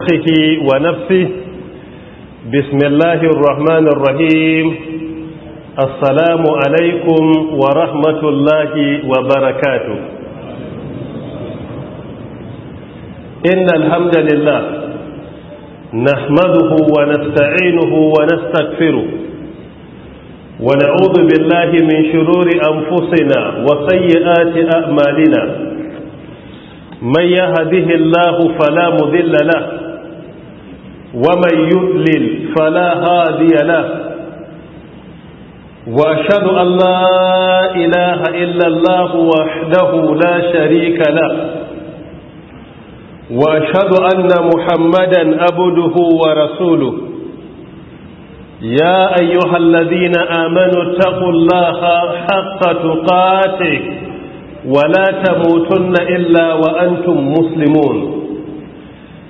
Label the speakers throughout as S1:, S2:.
S1: أخيه ونفسه بسم الله الرحمن الرحيم السلام عليكم ورحمة الله وبركاته إن الحمد لله نحمده ونستعينه ونستغفره ونعوذ بالله من شرور أنفسنا وسيئات أعمالنا من يهده الله فلا مذل له ومن يضلل فلا هادي له وأشهد أن لا إله إلا الله وحده لا شريك له وأشهد أن محمدا أبده ورسوله يا أيها الذين آمنوا اتقوا الله حق تقاته ولا تموتن إلا وأنتم مسلمون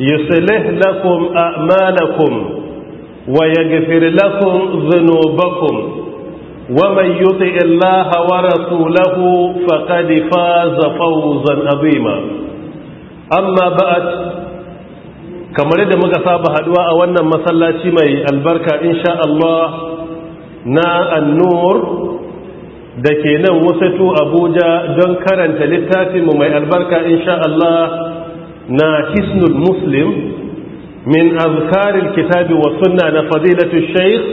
S1: يصلح لكم أعمالكم ويغفر لكم ذنوبكم ومن يطع الله ورسوله فقد فاز فوزا عظيما أما بعد kamar yadda muka saba haɗuwa a wannan masallaci mai albarka insha na annur da ke nan wasatu abuja don karanta littafinmu mai albarka insha na hisnul muslim min azkarin kitabi wa suna na fadilatu sheikh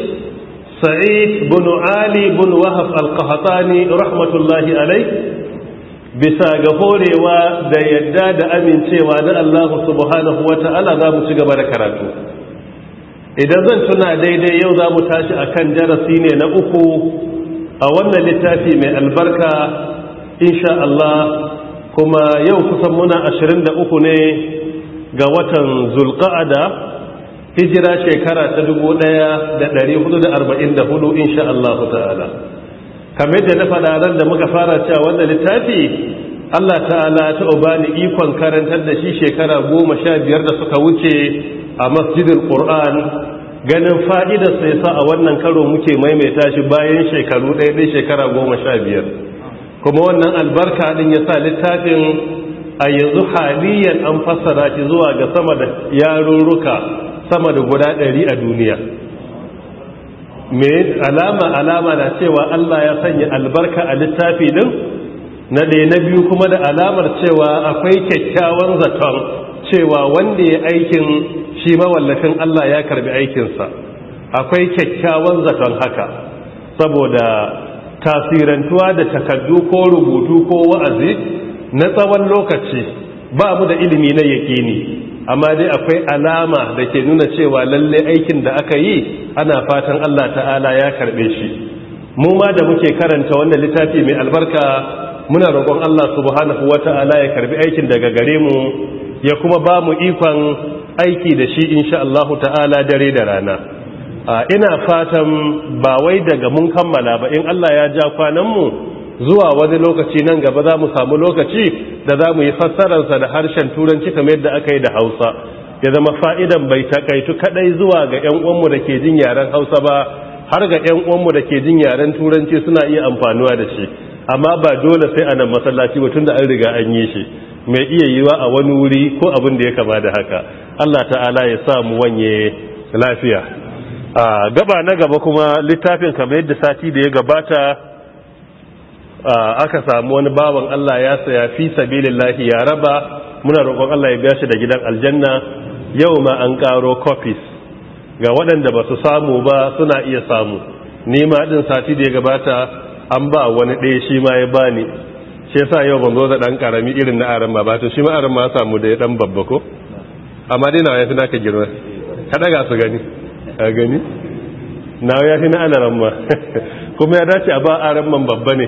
S1: sa'id bin ali bin wahab alkahatani rahmatullahi alai bisa ga horewa da yadda da amincewa na allahu subhanahu wa ta'ala za mu ci gaba da karatu idan zan tuna daidai yau za mu tashi a kan darasi ne na uku a wannan littafi mai albarka insha Allah kuma yau kusan muna 23 ne ga watan zulka'ada hijira shekara ta 1444 insha Allah ta'ala kamar da na faɗa ran da muka fara cewa wanda littafi Allah ta'ala ta ubani ikon karantar da shi shekara goma sha biyar da suka wuce a masjidil Qur'an ganin fa'idarsa yasa a wannan karo muke maimaita shi bayan shekaru ɗaya ɗaya shekara biyar. kuma wannan albarka din ya sa littafin a yanzu haliyan an fassara shi zuwa ga sama da yarurruka sama da guda ɗari a duniya mai alama alama na cewa Allah ya sanya albarka a littafi din na ɗaya na biyu kuma da alamar cewa akwai kyakkyawan zaton cewa wanda ya aikin shi mawallafin Allah ya karbi aikinsa akwai kyakkyawan zaton haka saboda tasirantuwa da takaddu ko rubutu ko wa'azi na tsawon lokaci ba mu da ilimi na yake yaƙini amma dai akwai alama da ke nuna cewa lalle aikin da aka yi ana fatan Allah ta'ala ya karɓe shi mu ma da muke karanta wannan littafi mai albarka muna roƙon Allah subhanahu wata'ala ya karbi aikin daga gare mu ya kuma ba mu ikon aiki da shi insha Allah ta'ala dare da rana ina fatan ba wai daga mun kammala ba in Allah ya ja kwanan mu zuwa wani lokaci nan gaba za mu samu lokaci da za mu yi fassararsa da harshen turanci kamar yadda aka yi da hausa ya zama fa'idan bai takaitu kadai zuwa ga ‘yan uwanmu da ke jin yaren hausa ba har ga ‘yan uwanmu da ke jin yaren turanci suna iya amfanuwa da shi amma ba dole sai a nan masallaci ba tun da an riga an yi shi mai iya yi wa a wani wuri ko abin da ya kama da haka allah ta'ala ya sa mu wanye lafiya a gaba na gaba kuma littafin kamar yadda sati da ya gabata aka samu wani bawan Allah ya saya fi sabilillahi ya raba muna roƙon Allah ya biya shi da gidan aljanna yau ma an ƙaro copies ga waɗanda ba su samu ba suna iya samu ni ma ɗin sati da ya gabata an ba wani ɗaya shi ma ya bani shi sa yau ban zo da ɗan ƙarami irin na aran ba to shi ma ma samu da ya ɗan babba ko amma dai na ya fi naka girma ka ɗaga su gani a gani na ya fi na alaran ma kuma ya dace a ba a ramman babba ne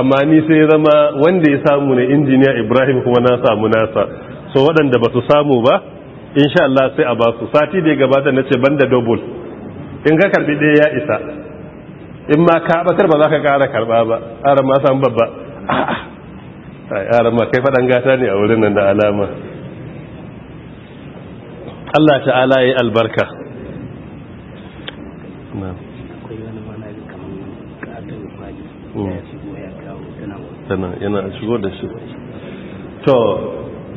S1: amma ni sai zama wanda ya samu ne injiniya ibrahim kuma na samu nasa so waɗanda ba su samu ba insha Allah sai a ba su sati da ya gabata na ce banda double in ka karbi ɗaya ya isa in ma ka batar ba za ka ƙara karɓa ba a ramma samu babba a ramma kai faɗan gata ne a wurin nan da alama Allah ta'ala ya yi albarka akwai
S2: wani kamar kwali hmm. shigo
S1: tana yana shigo da shi to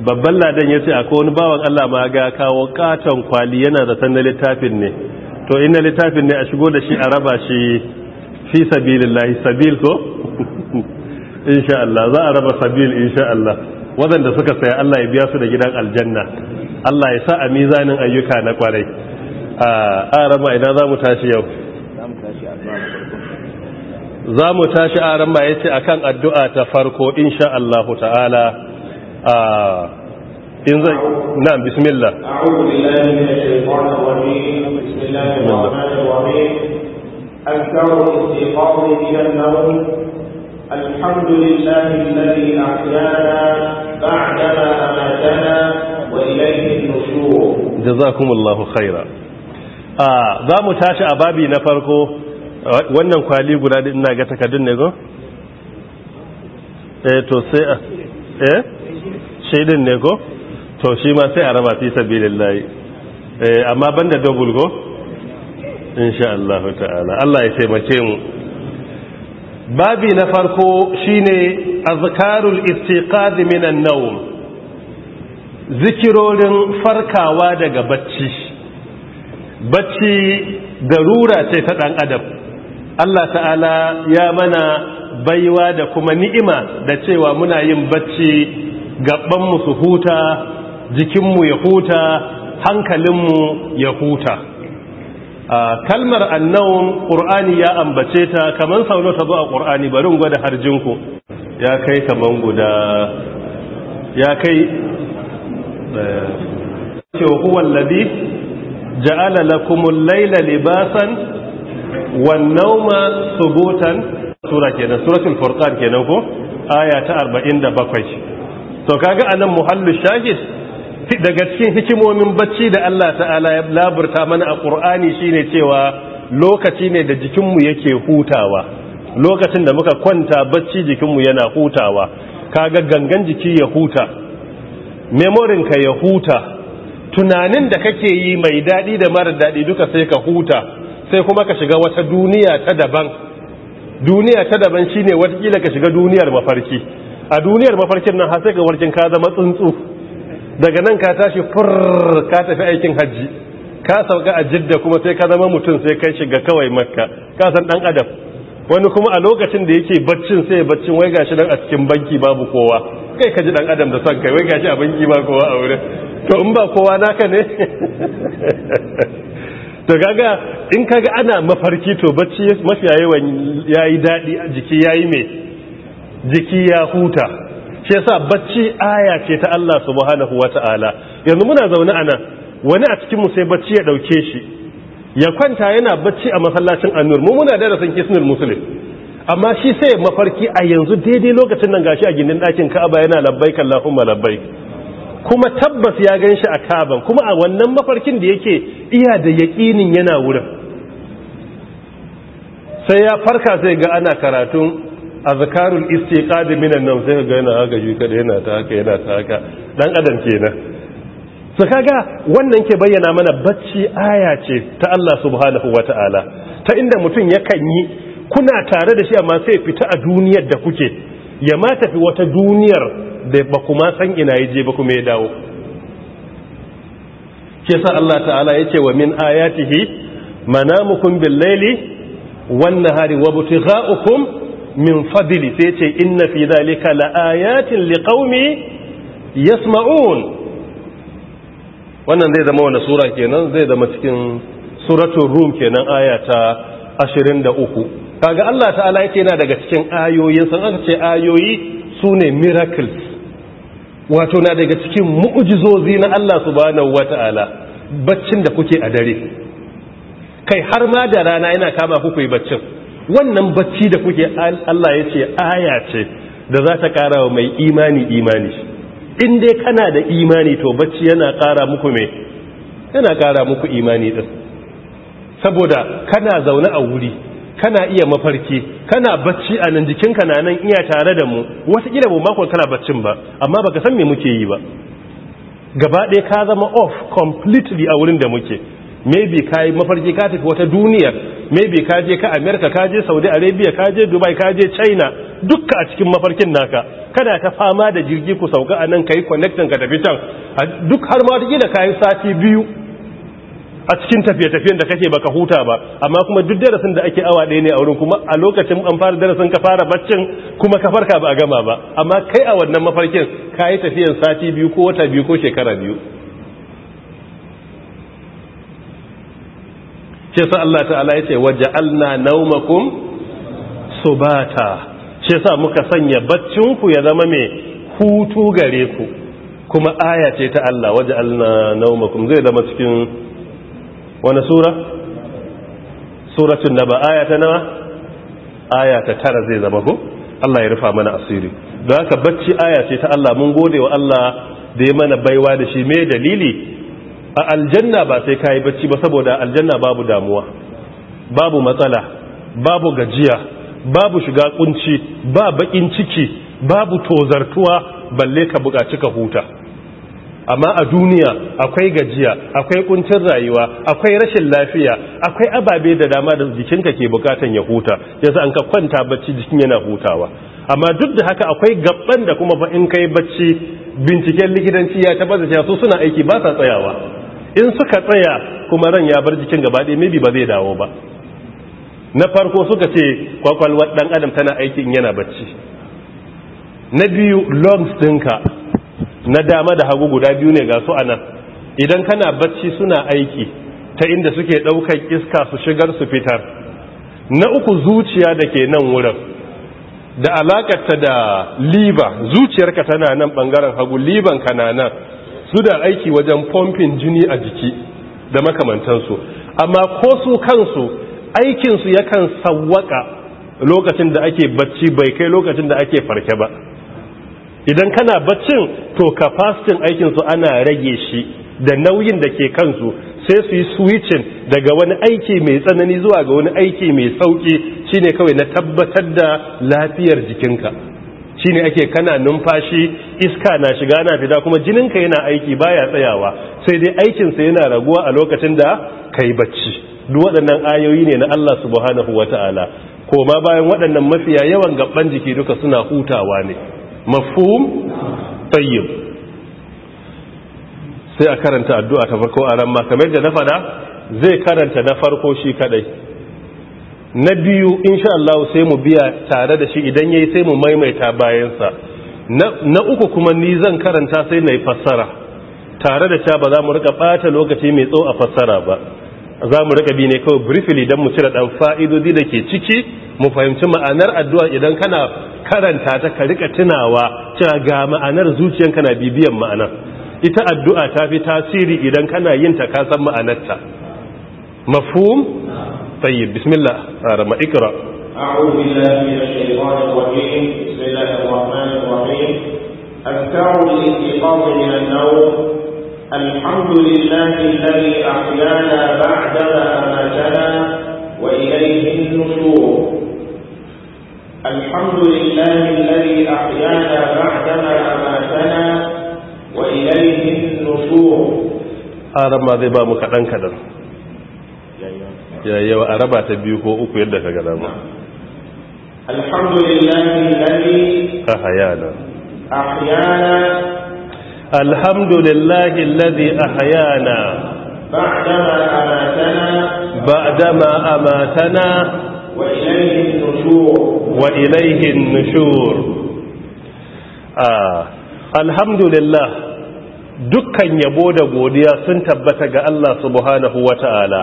S1: babban ladan ya ce akwai wani bawan Allah ma ga kawo katon kwali yana da san littafin ne to ina littafin ne a shigo da shi a raba shi fi sabilillahi sabil ko insha Allah za a raba sabil insha Allah wadanda suka saya Allah ya biya su da gidan aljanna Allah ya sa a mizanin ayyuka na kwarai a arama ina za mu tashi yau za mu tashi a ya ce kan addu'a ta farko insha Allah ta'ala a in zai na bismillah
S2: أكثر استيقاظ إلى النوم الحمد لله الذي أحيانا بعدما أماتنا
S1: وإليه النشور جزاكم الله خيرا a za mu tashi a babi na farko wannan kwali guda da ina ga takardun ne go? eh to sai a eh shaidin ne go? to shi ma sai a raba fi sabi lillahi eh amma banda dogul go? insha Allah ta'ala Allah ya taimake mu babi na farko shine azkarul istiqad minan nawm zikirorin farkawa daga bacci bacci darura ce ta ɗan adam Allah ta'ala ya mana baiwa da kuma ni'ima da cewa muna yin bacci gabanmu su huta jikinmu ya huta hankalinmu ya huta kalmar annawun ƙur'ani ya ambace ta kamar sauno ta zo a ƙur'ani barin gwada harjinku ya kai kaman guda ya kai eh, cewa huwallabi ja'ala lakumul laila libasan wan nauma subutan sura kenan suratul furqan kenan ko aya ta 47 to kaga anan muhallu shahid daga cikin hikimomin bacci da Allah ta'ala ya laburta mana a Qur'ani shine cewa lokaci ne da jikinmu yake hutawa lokacin da muka kwanta bacci jikinmu yana hutawa kaga gangan jiki ya huta memorin ka ya huta tunanin da kake yi mai daɗi da mara daɗi duka sai ka huta sai kuma ka shiga wata duniya ta daban duniya ta daban shine watakila ka shiga duniyar mafarki a duniyar mafarkin nan har sai ga warkin ka zama tsuntsu daga nan ka tashi furr ka tafi aikin hajji ka sauka a jidda kuma sai ka zama mutum sai kai shiga kawai makka ka san dan adam wani kuma a lokacin da yake baccin sai ya baccin wai gashi nan a cikin banki babu kowa kai ka ji dan adam da son kai wai gashi a banki ba kowa a wurin to in ba kowa naka ne to gaga in kaga ana mafarki to bacci mafiya yawan yayi dadi jiki yayi me jiki ya huta shi yasa bacci aya ce ta Allah subhanahu wataala yanzu muna zaune nan wani a cikin mu sai bacci ya dauke shi ya kwanta yana bacci a masallacin annur mu muna da rasan kisnul muslim amma shi sai mafarki a yanzu daidai lokacin nan gashi a gindin dakin ka'aba yana labbaik Allahumma labbaik kuma tabbas ya gan shi a kaban kuma a wannan mafarkin da yake iya da yaƙinin yana wurin sai ya farka sai ga ana karatun Azakarul Iske minan nan sai ga yana haka shi kada yana ta haka yana ta haka dan adam kenan su kaga wannan ke bayyana mana bacci aya ce ta Allah subhanahu ta'ala. ta inda mutum yakan yi kuna tare da shi amma sai fita a duniyar da kuke ya ma tafi wata duniyar da ba kuma san ina ya je ba kuma ya dawo ke sa Allah ta'ala ya ce wa min ayatihi manamukum bil laili wan nahari wa butiga'ukum min fadli sai ce inna fi dhalika la ayatin liqaumi yasma'un wannan zai zama wani sura kenan zai zama cikin suratun rum kenan ayata da 23 kaga Allah ta'ala yake yana daga cikin ayoyin san aka ce ayoyi sune miracles wato na daga cikin mu'jizozi na Allah subhanahu wata'ala baccin da kuke a dare kai har ma da rana yana kama ku yi baccin wannan bacci da kuke Allah yace aya ce da za ta kara wa mai imani imani in dai kana da imani to bacci yana kara muku me yana kara muku imani din saboda kana zaune a wuri kana iya mafarki kana bacci a nan jikinka na nan iya tare da mu wasu wataƙila mu makon kana baccin ba amma baka san me muke yi ba gaba ɗaya ka zama off completely a wurin da muke maybe ka yi mafarki ka tafi wata duniyar maybe ka je ka america ka je saudi arabia ka je dubai ka je china dukka a cikin mafarkin naka kana ta fama da jirgi ku sauka a nan ka yi connecting ka tafi can duk har ma wata ka yi sati biyu a cikin tafiye-tafiyen da kake baka huta ba amma kuma duk darasin da ake awa ɗaya ne a wurin kuma a lokacin an fara darasin ka fara baccin kuma ka farka ba a gama ba amma kai a wannan mafarkin ka yi tafiyan sati biyu ko wata biyu ko shekara biyu ce sa Allah ta'ala ya ce waje alna naumakum subata ce sa muka sanya baccin ku ya zama mai hutu gare ku kuma aya ce ta Allah waje alna naumakum zai zama cikin wani sura? suratun naba aya nawa? tara zai zama ko? Allah ya rufa mana asiri don haka bacci aya ce ta Allah mun gode wa Allah da ya mana baiwa da shi mai dalili a aljanna ba sai kayi bacci ba saboda aljanna babu damuwa babu matsala babu gajiya babu shiga kunci ba bakin ciki babu tozartuwa balle ka buƙaci ka huta amma a duniya akwai gajiya akwai kuncin rayuwa akwai rashin lafiya akwai ababe da dama da jikinka ke bukatan ya huta yanzu an ka kwanta bacci jikin yana hutawa amma duk da haka akwai gabban da kuma ba in kai bacci binciken likitanci ya tabbata cewa su suna aiki ba sa tsayawa in suka tsaya kuma ran ya bar jikin gaba ɗaya maybe ba zai dawo ba na farko suka ce kwakwalwar dan adam tana aikin yana bacci na biyu lungs ɗinka na dama da hagu guda biyu ne ga su a idan kana bacci suna aiki ta inda suke ɗaukar iska su shigar su fitar na uku zuciya da ke nan wurin da alaƙarta da liba zuciyarka tana nan ɓangaren hagu liban ka su da aiki wajen pompin jini a jiki da makamantansu amma ko su kansu aikinsu yakan sawwaka lokacin da ake bacci bai kai lokacin da ake farke ba idan kana baccin to capacity aikinsu ana rage shi da nauyin da ke kansu sai su yi switching daga wani aiki mai tsanani zuwa ga wani aiki mai sauki shine kawai na tabbatar da lafiyar jikinka shine ake kana numfashi iska na shiga na fita kuma jinin ka yana aiki baya tsayawa sai dai aikinsa yana raguwa a lokacin da kai bacci duk waɗannan ayoyi ne na Allah subhanahu wata'ala ko ma bayan waɗannan mafiya yawan gaban jiki duka suna hutawa ne mafhum tayyib sai a karanta addu'a ta farko a ran kamar da na fada zai karanta na farko shi kadai na biyu insha Allah sai mu biya tare da shi idan yayi sai mu maimaita bayan sa na uku kuma ni zan karanta sai na fassara tare da cewa ba za mu rika bata lokaci mai tsawo a fassara ba za mu rika bi ne kawai briefly don mu cire dan fa'idodi da ke ciki mu fahimci ma'anar addu'a idan kana karanta ta ka rika tunawa cewa ga ma'anar zuciyan kana bibiyan ma'anar ita addu'a ta fi tasiri idan kana yin ta ka san ta mafhum tayyib bismillah rama ikra
S2: a'udhu billahi minash من النوم الحمد لله الذي أحيانا بعدما أماتنا وإليه النشور الحمد لله الذي أحيانا بعدما أماتنا وإليه النشور
S1: أرى ما ذي بامك عن كدر يا يا أربعة بيوكو أكو يدك كلامه نعم.
S2: الحمد لله الذي أحيانا أحيانا
S1: الحمد لله الذي أحيانا بعدما أماتنا بعدما أماتنا وإليه النشور وإليه النشور آه. الحمد لله dukkan yabo da godiya sun tabbata ga Allah subhanahu wa ta'ala,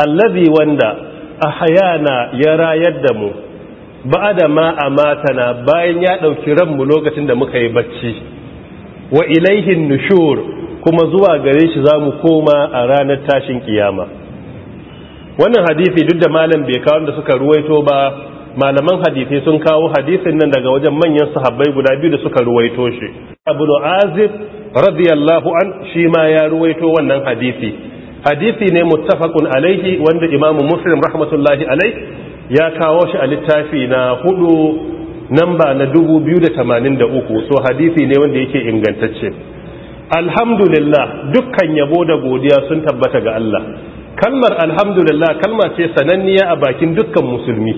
S1: allazi wanda a hayana ya rayar da mu, ba da ma a matana bayan ya ɗauki ranmu lokacin da muka yi bacci. wa ilaihin nushur kuma zuwa gare shi za mu koma a ranar tashin kiyama wannan hadithi duk da malam bai kawo da suka ruwaito ba malaman hadithai sun kawo hadithin nan daga wajen manyan sahabbai guda biyu da suka ruwaito shi abu azib radiyallahu an shi ma ya ruwaito wannan hadithi hadithi ne muttafaqun alaihi wanda imamu muslim rahmatullahi alaihi ya kawo shi a littafi na hudu namba na uku, so hadisi ne wanda yake ingantacce alhamdulillah dukkan yabo da godiya sun tabbata ga Allah kalmar alhamdulillah kalma ce sananniya a bakin dukkan musulmi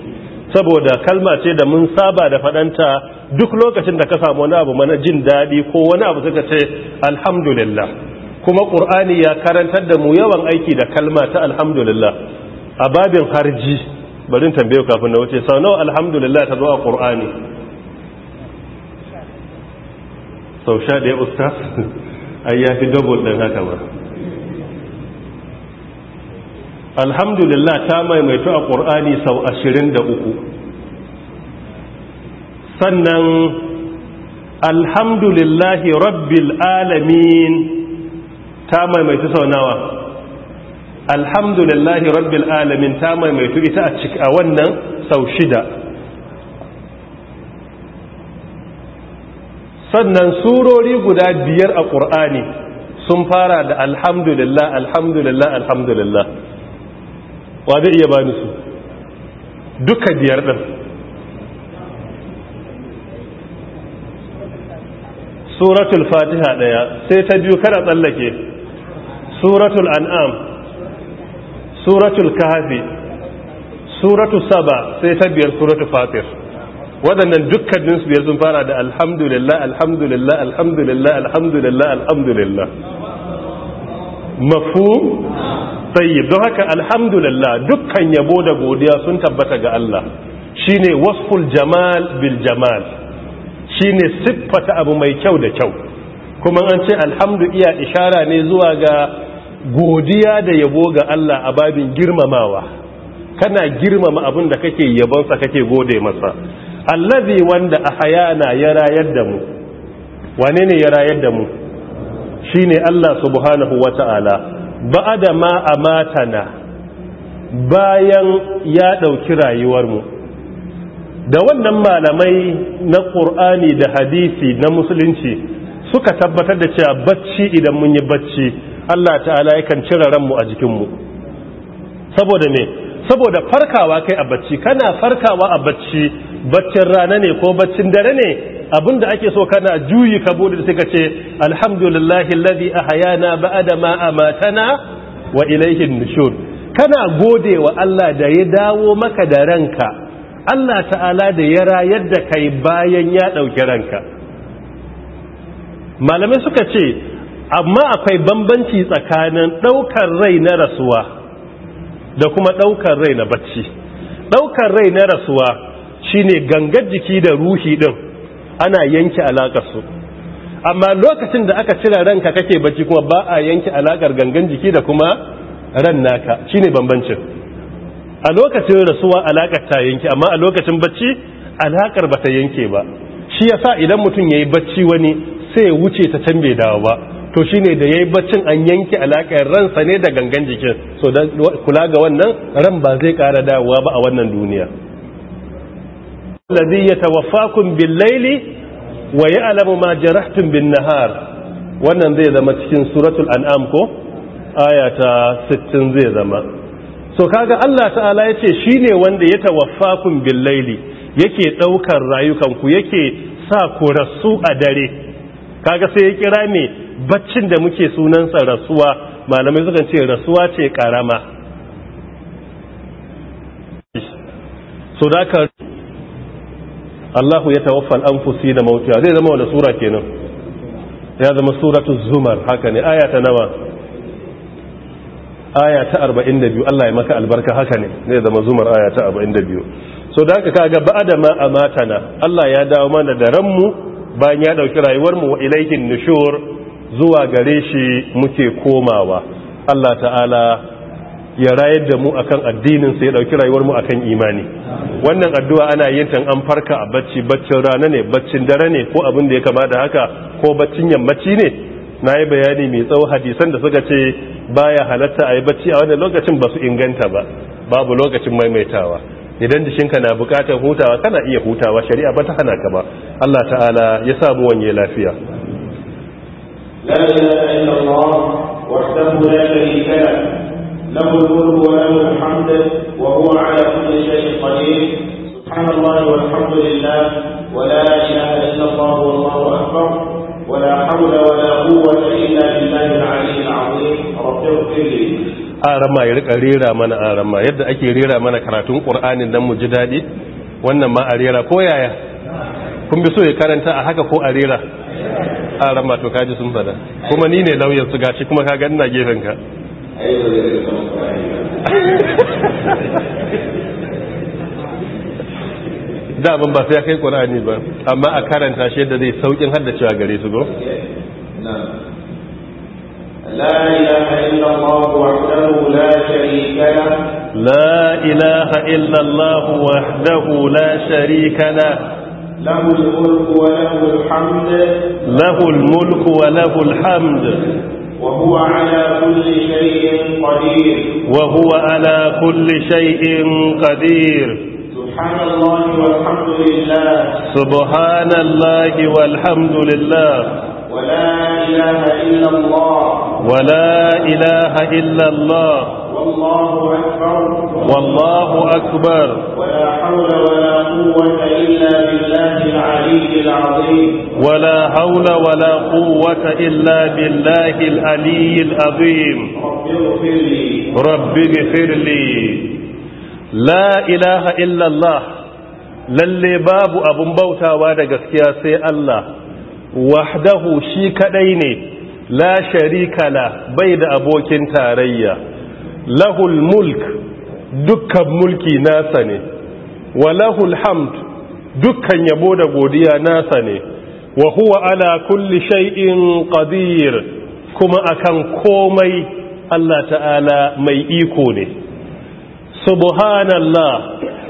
S1: saboda kalma ce da mun saba da fadanta duk lokacin da ka samu wani abu mana jin daɗi ko wani abu suka ce alhamdulillah kuma ƙur'ani ya karantar da mu yawan aiki da kalma ta alhamdulillah a babin harji barin tambaye kafin na wuce sau nawa alhamdulillah ta zo a ƙur'ani sau sha ɗaya ustaz ai ya fi double ɗin haka ba alhamdulillah ta maimaitu a ƙur'ani sau ashirin da uku sannan alhamdulillahi rabbil alamin ta maimaitu sau nawa alhamdulillahi rabbil alamin ta maimaitu ita a cika wannan sau shida sannan surori guda biyar a ƙur'ani sun fara da alhamdulillah alhamdulillah alhamdulillah wa zai iya bani su duka biyar ɗin suratul fatiha ɗaya sai ta biyu kada tsallake suratul an'am suratul Kahafi, suratul saba sai ta biyar suratul fatir waɗannan dukkan jinsu biyar sun fara da alhamdulillah alhamdulillah alhamdulillah alhamdulillah alhamdulillah mafhum tayyib don haka alhamdulillah dukkan yabo da godiya sun tabbata ga Allah Shi ne wasful jamal bil jamal ne siffata abu mai kyau da kyau kuma an ce alhamdu iya ishara ne zuwa ga godiya da yabo ga Allah a babin girmamawa kana girmama abin da kake yabonsa kake gode masa allazi wanda a hayana ya rayar da mu wane ne ya rayar da mu shi ne Allah subhanahu wa ta'ala ba adama ma a matana bayan ya ɗauki rayuwarmu da wannan malamai na ƙur'ani da hadisi na musulunci suka tabbatar da cewa bacci idan mun yi bacci Allah ta'ala yakan cire ranmu a jikinmu saboda ne saboda farkawa kai a bacci kana farkawa a bacci baccin rana ne ko baccin dare ne abinda ake so kana juyi ka bude sai ka ce alhamdulillahi alladhi ahyana ba'da ma amatana wa ilayhi nushur kana gode wa Allah da ya dawo maka da ranka Allah ta'ala da ya rayar da kai bayan ya dauki ranka malamai suka ce amma akwai bambanci tsakanin ɗaukar rai na rasuwa da kuma ɗaukar rai na bacci ɗaukar rai na rasuwa shine gangar jiki da ruhi ɗin ana yanke alaƙarsu amma lokacin da aka cira ranka kake bacci kuma ba a yanke alaƙar gangan jiki da kuma ran naka shine bambancin a lokacin rasuwa alaƙar ta yanke amma a lokacin bacci alaƙar ba ta yanke ba shi yasa idan mutum ya yi bacci wani sai ya wuce ta can bai dawo ba to shine da yayi baccin an yanke alakar ransa ne da gangan jikin so da kula ga wannan ran ba zai ƙara dawowa ba a wannan duniya alladhi yatawaffakum bil-laili wa ya'lamu ma jarahtum bin-nahar wannan zai zama cikin suratul an'am ko ayata 60 zai zama so kaga Allah ta'ala yace shine wanda yatawaffakum bil-laili yake daukar rayukanku yake sa ku rasu a dare kaga sai ya kira ne baccin da muke sunansa rasuwa malamai sukan ce rasuwa ce karama so da ka Allahu ya tawaffa al-anfusi da mautiya zai zama wani sura kenan ya zama suratu zumar haka ne aya ta nawa aya ta 42 Allah ya maka albarka haka ne zai zama zumar aya ta 42 so da aka kaga ba'da ma amatana Allah ya dawo mana da ranmu bayan ya ɗauki rayuwar mu wa ilaihin nushur zuwa gare shi muke komawa Allah ta'ala ya rayar da mu akan addinin sai ya ɗauki rayuwar mu akan imani wannan addu'a ana yin tan an farka a bacci baccin rana ne baccin dare ne ko abin da ya kama da haka ko baccin yammaci ne nayi bayani mai tsawo hadisan da suka ce baya halatta a yi bacci a wannan lokacin ba su inganta ba babu lokacin maimaitawa idan jikinka na bukatar hutawa kana iya hutawa shari'a ba ta hana ka ba Allah ta'ala ya samu wanye lafiya
S2: la ilaha illallah wahdahu la sharika lahu له الملك وله الحمد وهو على كل شيء قدير سبحان الله والحمد لله ولا إله إلا الله والله أكبر ولا حول ولا قوة إلا بالله العلي العظيم رب اغفر لي
S1: arama ya rika rera mana arama yadda ake rera mana karatun ƙur'anin don mu ji daɗi wannan ma a rera ko yaya kun bi so ya karanta a haka ko a rera arama to kaji sun fada kuma ni ne lauyan su gashi kuma ka ganna gefen ka daban ba sai ya kai ƙur'ani ba amma a karanta shi yadda zai saukin haddacewa gare su go?
S2: لا إله إلا الله وحده
S1: لا شريك له لا إله إلا الله وحده لا شريك له له الملك وله الحمد له الملك وله الحمد
S2: وهو على
S1: كل شيء قدير وهو على كل شيء قدير
S2: سبحان الله والحمد لله
S1: سبحان الله والحمد لله
S2: ولا إله إلا الله
S1: ولا إله إلا الله
S2: والله أكبر والله
S1: أكبر ولا
S2: حول ولا قوة إلا بالله العلي العظيم
S1: ولا حول ولا قوة إلا بالله العلي العظيم رب اغفر لي لا إله إلا الله lalle babu abun bautawa da gaskiya sai Allah wahdahu shi kadai ne la sharika la bai da abokin tarayya lahul mulk dukkan mulki nasa ne wa lahul hamd dukkan yabo da godiya nasa ne wa huwa ala kulli shay'in qadir kuma akan komai Allah ta'ala mai iko ne subhanallah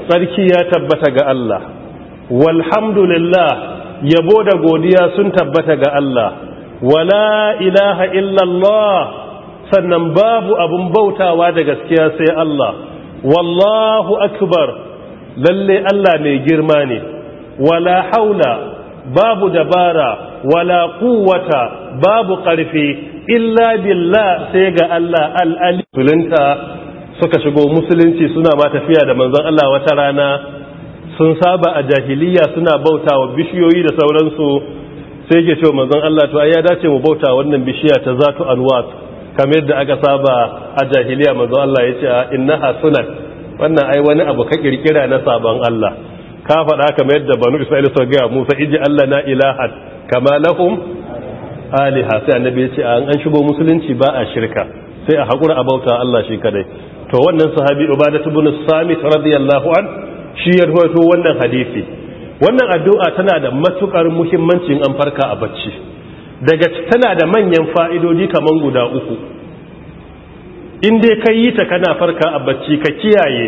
S1: sarki ya tabbata ga Allah walhamdulillah yabo da godiya sun tabbata ga Allah wala ilaha illallah sannan babu abun bautawa da gaskiya sai Allah wallahu akbar lalle Allah mai girma ne wala haula babu dabara wala quwwata babu ƙarfi illa billah sai ga Allah al-alifulinta suka shigo musulunci suna ma tafiya da manzon Allah wata rana sun saba a jahiliya suna bauta wa bishiyoyi da sauransu sai ke cewa manzon Allah to ai ya dace mu bauta wannan bishiya ta zatu anwat kamar yadda aka saba a jahiliya manzon Allah ya ce innaha sunan wannan ai wani abu ka kirkira na saban Allah ka faɗa kamar yadda banu Isra'il suka ga Musa iji Allah na ilahat kama lahum aliha sai annabi ya ce an shigo musulunci ba a shirka sai a hakura a bauta Allah shi kadai to wannan sahabi ubadatu ibn samit radiyallahu anhu shi ya rawaito wannan hadisi wannan addu'a tana da matukar muhimmancin an farka a bacci daga tana da manyan fa'idodi kaman guda uku in dai ka yi ta kana farka a bacci ka kiyaye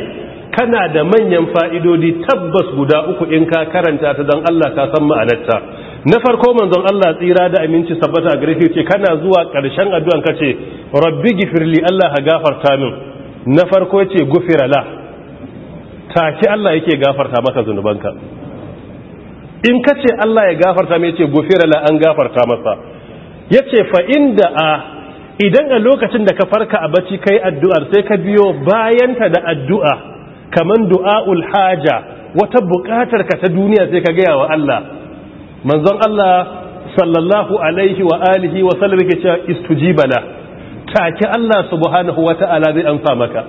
S1: kana da manyan fa'idodi tabbas guda uku in ka karanta ta don Allah ka san ma'anarta na farko manzon Allah tsira da aminci sabbata a ce kana zuwa karshen addu'an ka ce rabbi gifirli Allah ha gafarta min na farko ce gufirala take Allah yake gafarta maka zunubanka in ka ce Allah ya gafarta me ce gofira la an gafarta masa ya ce fa'in a idan a lokacin da ka farka a bacci kai addu'ar sai ka biyo bayanta da addu'a kaman du'a'ul haja wata buƙatar ka ta duniya sai ka gaya wa Allah manzon Allah sallallahu alaihi wa alihi wa sallam yake cewa istujibala take Allah subhanahu wata'ala zai amsa maka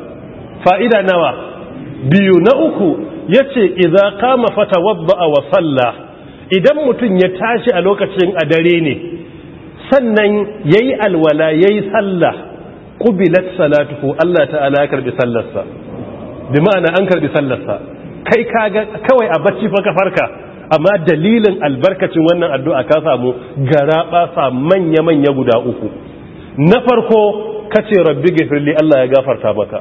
S1: fa'ida nawa biyu na uku ya ce iza kama fata wadda a wasalla idan mutum ya tashi a lokacin a dare ne sannan ya yi alwala ya yi sallah ƙubilat salatuhu Allah ta'ala ya karbi sallarsa bi ma'ana an karbi sallarsa kai kaga kawai a bacci fa ka farka amma dalilin albarkacin wannan addu'a ka samu gara sa manya-manya guda uku na farko ka ce rabbi gafirli Allah ya gafarta baka.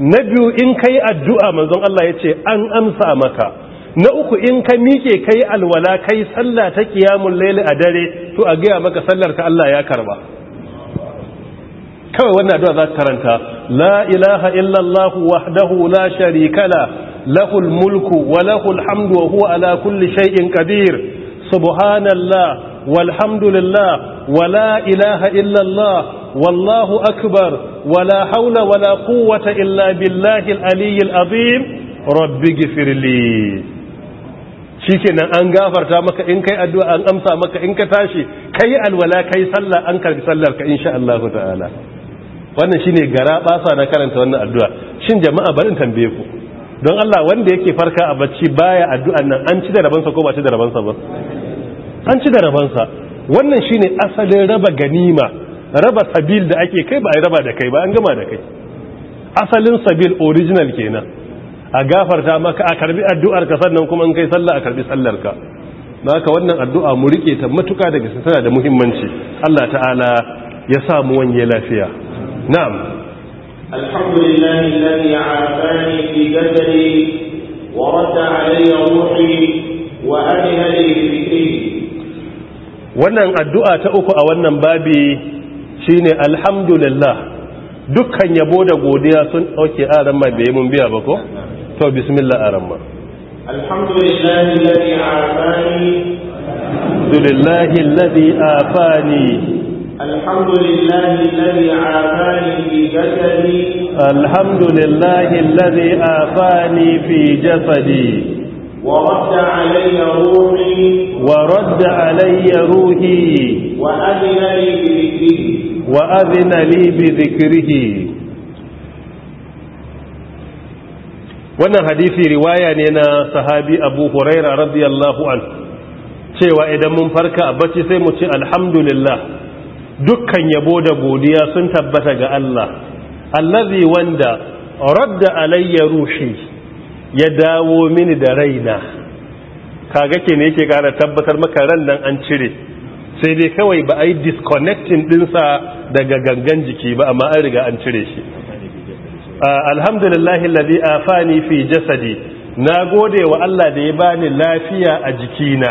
S1: na biyu in yi addu'a manzon Allah ya ce an amsa maka na uku in ka miƙe yi alwala kai sallah ta kiyamun laili a dare to a gaya maka sallar ka Allah ya karba kawai wannan addu'a za ta karanta la ilaha illallahu wahdahu la sharikala lahul mulku wa lahul hamdu wa huwa ala kulli shay'in kabir subhanallah والحمد لله ولا إله إلا الله والله أكبر ولا حول ولا قوة إلا بالله الألي العظيم رب اغفر لي shikenan an gafarta maka in kai addu'a an amsa maka in ka tashi kai alwala kai sallah an karbi sallar ka insha Allah ta'ala wannan shine gara basa na karanta wannan addu'a shin jama'a barin tambaye ku don Allah wanda yake farka a bacci baya addu'an nan an ci da rabansa ko ba ci da rabansa ba an ci da rabansa wannan shine asalin raba ganima raba sabil da ake kai ba a raba da kai ba an gama da kai asalin sabil original kenan a gafarta maka a karbi addu'ar ka sannan kuma an kai sallah a karbi sallar ka don wannan addu'a mu rike ta matuka daga tana da muhimmanci Allah ta'ala ya sa mu wanye lafiya na'am
S2: alhamdulillahi alladhi a'tani fi jasadi wa radda alayya ruhi wa adhana li fikri
S1: wannan addu'a ta uku a wannan babi shine alhamdulillah dukkan yabo da godiya sun dauke aran ma bai mun biya ba ko to bismillah aran ma
S2: alhamdulillah alladhi
S1: afani alhamdulillah alladhi
S2: afani alhamdulillah alladhi afani fi jasadi
S1: alhamdulillah alladhi afani fi jasadi ورد علي روحي ورد علي روحي
S2: وأذن لي بذكره
S1: وأذن لي بذكره wannan hadisi riwaya ne na sahabi abu huraira radiyallahu an cewa idan mun farka a bacci sai mu ce alhamdulillah dukkan yabo da godiya sun tabbata ga Allah allazi wanda radda alayya ruhi ya dawo mini da raina kaga ke ne yake kara tabbatar maka ran nan an cire sai dai kawai ba a yi disconnecting dinsa daga gangan jiki ba amma an riga an cire shi alhamdulillah lalzi afani fi jasadi na gode wa Allah da ya bani lafiya a jikina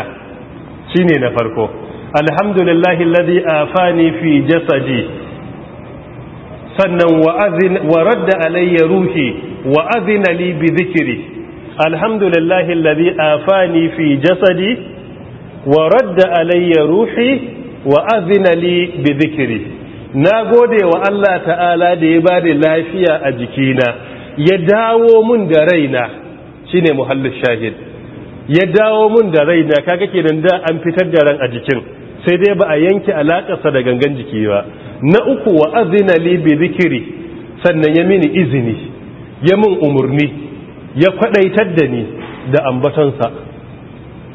S1: shine na farko alhamdulillah lalzi afani fi jasadi sannan wa radda alayya ruhi wa azina li bi zikiri alhamdulillahi alladhi afani fi jasadi wa radda alayya ruhi wa azina li bi dhikri na gode wa Allah ta'ala da ya bada lafiya a jikina ya dawo mun da raina shine muhallin shahid ya dawo mun da raina kaga kenan da an fitar da ran a jikin sai dai ba a yanke alakarsa da gangan jiki ba na uku wa azina li bi dhikri sannan ya mini izini ya mun umurni ya kwadaitar da ni da ambatonsa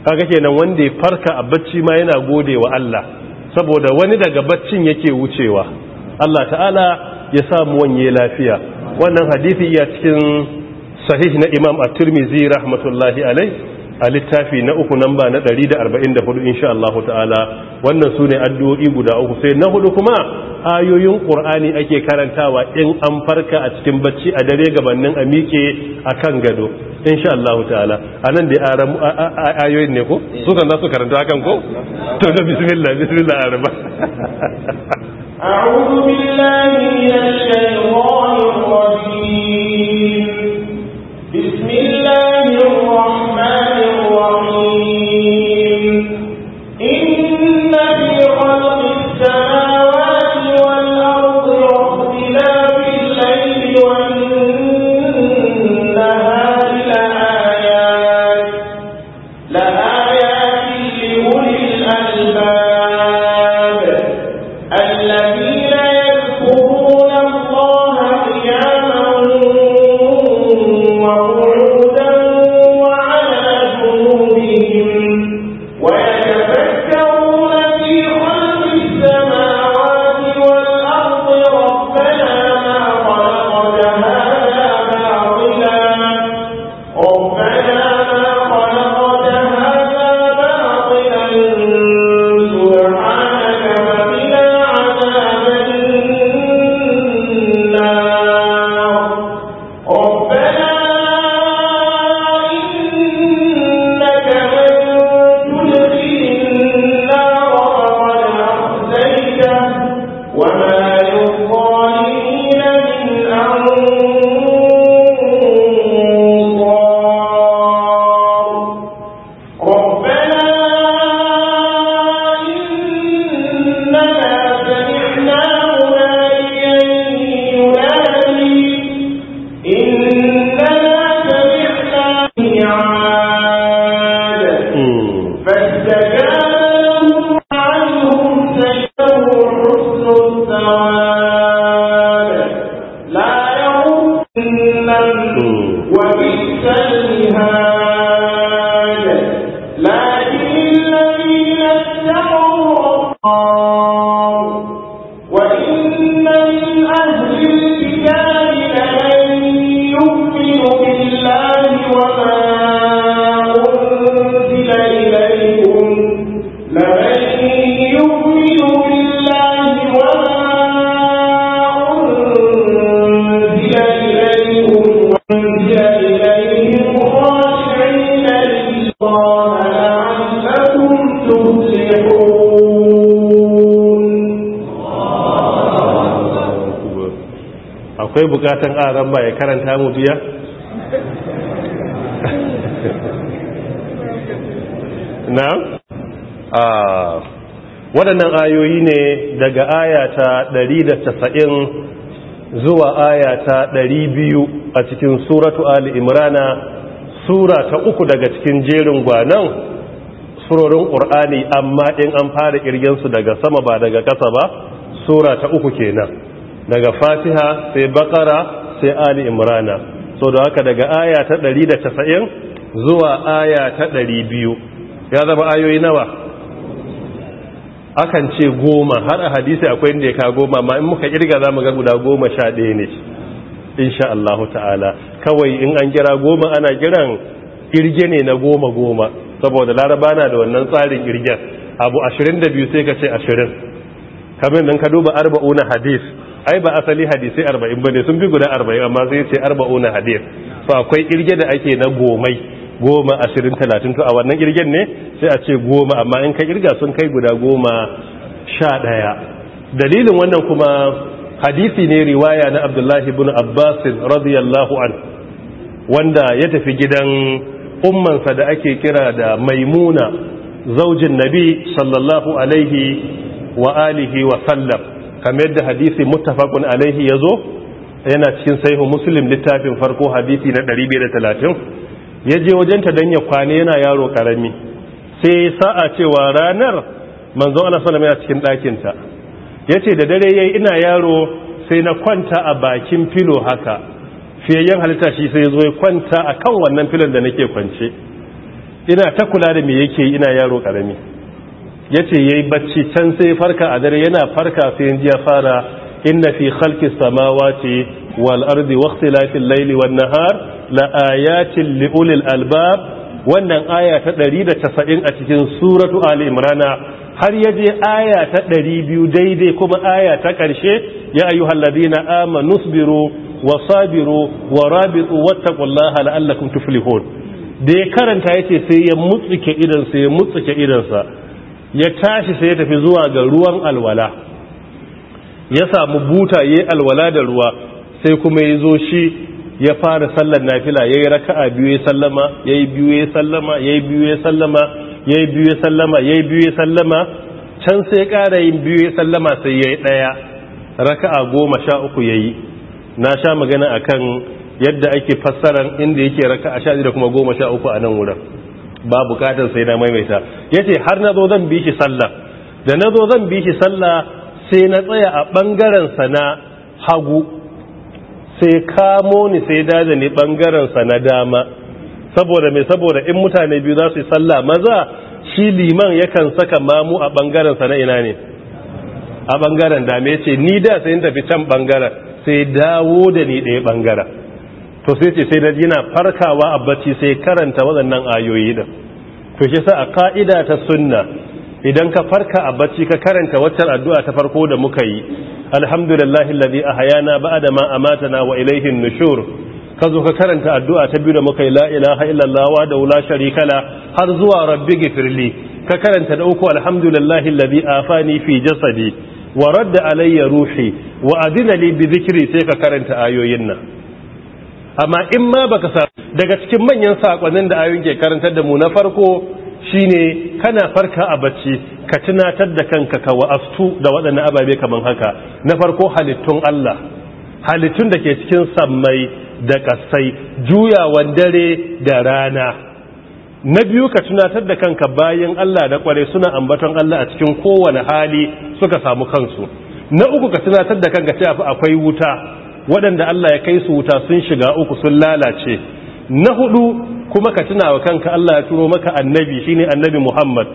S1: kaga kenan wanda ya farka a bacci ma yana gode wa Allah saboda wani daga baccin yake wucewa Allah ta'ala ya samu wanye lafiya wannan hadisi ya cikin sahih na Imam At-Tirmidhi rahmatullahi alaihi a littafi na uku nan ba na 144 insha Allah ta'ala wannan su ne addu'o'i guda uku sai na hudu kuma ayoyin ƙur'ani ake karantawa in an farka a cikin bacci a dare gabanin a miƙe a kan gado insha Allah ta'ala a nan da ayoyin ne ko? sukan za su karanta hakan ko? to da bismillah bismillah a raba
S2: أعوذ بالله بسم الله الرحمن
S1: bukatan aran ba ya karanta mu biya na waɗannan ayoyi ne daga ayata 190 zuwa ayata 200 a cikin suratu ali imrana sura ta uku daga cikin jerin gwanan surorin ƙur'ani amma in an fara ƙirgensu daga sama ba daga ƙasa ba sura ta uku kenan daga fatiha sai bakara sai ali imrana so da haka daga aya ta 190 zuwa aya ta 200 ya zama ayoyi nawa akan ce goma har a hadisi akwai inda ya ka goma ma in muka kirga za mu ga guda goma sha ɗaya ne insha Allah ta'ala kawai in an kira goma ana kiran kirge ne na goma goma saboda laraba na da wannan tsarin kirgen abu 22 sai ka ce 20 kamar nan ka duba arba'una hadis ai ba asali hadisi arba'in ba ne sun bi guda arba'in amma sai ce na hadis to akwai kirge da ake na gomai goma ashirin talatin to a wannan kirgen ne sai a ce goma amma in ka kirga sun kai guda goma sha ɗaya dalilin wannan kuma hadisi ne riwaya na abdullahi ibn abbas radiyallahu an wanda ya tafi gidan ummansa da ake kira da maimuna zaujin nabi sallallahu alaihi wa alihi wa sallam kamar yadda hadisi muttafaqun alaihi yazo yana cikin sahihu muslim littafin farko hadisi na 230 yaje wajen ta dan ya kwane yana yaro karami sai sa'a cewa ranar manzo Allah sallallahu alaihi cikin ɗakin ta yace da dare yayi ina yaro sai na kwanta a bakin filo haka fiyayyen halitta shi sai yazo ya kwanta akan wannan filon da nake kwance ina ta kula da me yake ina yaro karami ya ce ya yi bacci can sai farka a dare yana farka sai ya fara inna fi halki samawa ce wal arzi lafin laili wa nahar la'ayacin li'ulil albab wannan aya ta 190 a cikin suratu ali imrana har ya je aya ta 200 daidai kuma aya ta ƙarshe ya ayyuhal ladina amanu sabiru wa sabiru wa rabitu wattaqullaha la'allakum tuflihun da ya karanta yace sai ya mutsuke idan sai ya mutsuke idansa. ya tashi sai ya tafi zuwa ga ruwan alwala ya samu buta ya yi alwala da ruwa sai kuma ya zo shi ya fara sallar nafila ya yi raka'a biyu ya sallama ya yi biyu ya sallama ya yi biyu ya sallama ya yi biyu ya sallama ya yi biyu ya sallama can sai ya ƙara yin biyu ya sallama sai ya yi ɗaya raka'a goma sha uku ya yi na sha magana akan yadda ake fassarar inda yake raka'a sha da kuma goma sha uku a nan wurin ba bukatar sai na maimaita Ya ce har na zo zan bi shi sallah da na zo zan bi shi sallah sai na tsaya a bangaren sa na hagu sai kamo ni sai daje ne bangaren sa na dama saboda mai saboda in mutane biyu za su yi sallah maza shi liman yakan saka mamu a bangaren na ina ne a bangaren dama ce, ni da sai tafi can bangaren sai dawo da ni ɗaya bangaren to sai ce sai yana farkawa a bacci sai karanta waɗannan ayoyi din to shi sa a ka'ida ta sunna idan ka farka a bacci ka karanta waccan addu'a ta farko da muka yi alhamdulillahi alladhi ahyana ba'da ma amatana wa ilayhi an-nushur ka zo ka karanta addu'a ta biyu da muka yi la ilaha illallah wa da la sharika la har zuwa rabbi gifirli ka karanta da uku alhamdulillahi alladhi afani fi jasadi wa radda alayya ruhi wa adina li bi dhikri sai ka karanta ayoyin nan amma in ma baka sa daga cikin manyan sakonnin da ayoyin ke karantar da mu na farko shine kana farka a bacci ka tunatar da kanka ka wa'astu da waɗannan ababe kamar haka na farko halittun Allah halittun da ke cikin sammai da ƙasai, juyawan dare da rana na biyu ka tunatar da kanka bayan Allah da kware suna ambaton Allah a cikin kowane hali suka samu kansu na uku ka tunatar da kanka cewa akwai wuta waɗanda Allah ya kai su wuta sun shiga uku sun lalace na hudu kuma ka tuna wa kanka Allah ya turo maka annabi shine annabi Muhammad